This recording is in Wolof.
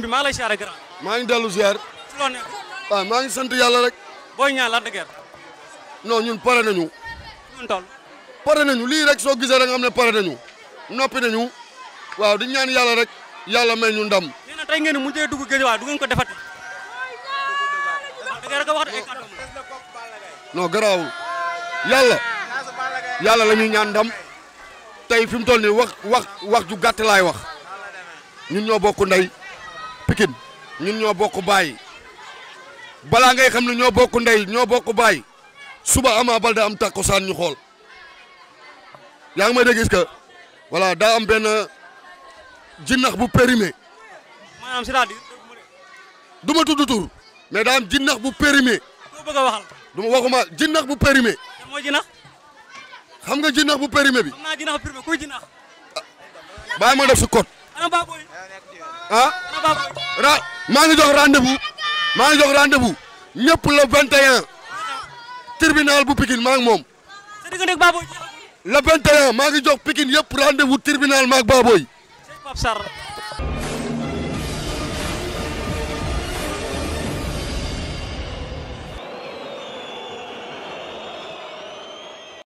maa lay siyaare grand. maa ngi dellu ziar. sant yàlla rek. booy ñaan Lac de Guiers. non ñun pare nañu. pare nañu lii rek soo gisee rek nga ne pare nañu. noppi nañu. waaw di ñaan yàlla rek. yàlla may ñu ndam. nee na tey ngeen mu mujjee dugg géej waaye du ko defati. non garaawul. yàlla. yàlla la ñuy ñaan ndam. tey fi mu nii wax wax wax ju gàtt laay wax. ñun ñoo bokk ndey. Pikine ñun ñoo bokk baay balaa ngay xam ne ñoo bokk ndey ñoo bokk baay suba Ama Baldé am takkusaan ñu xool yaa ngi may dégg gis que voilà daa am benn jinnax bu périmé. maanaam c'est-à-dire du ma tudd tur mais daa am bu périmé. doo bëgg a waxal. bu périmé. mooy jinnax. nga jinnax bu périmé bi. ma def si code. ana ra maa ngi jox rendez bu maa ngi jox bu ñépp ñëpp le 21 tribunal bu Pikine maa ngi moom. le 21 maa ngi jox Pikine yëpp rendez-vous tribunal maag Baboy. Pape Sarr.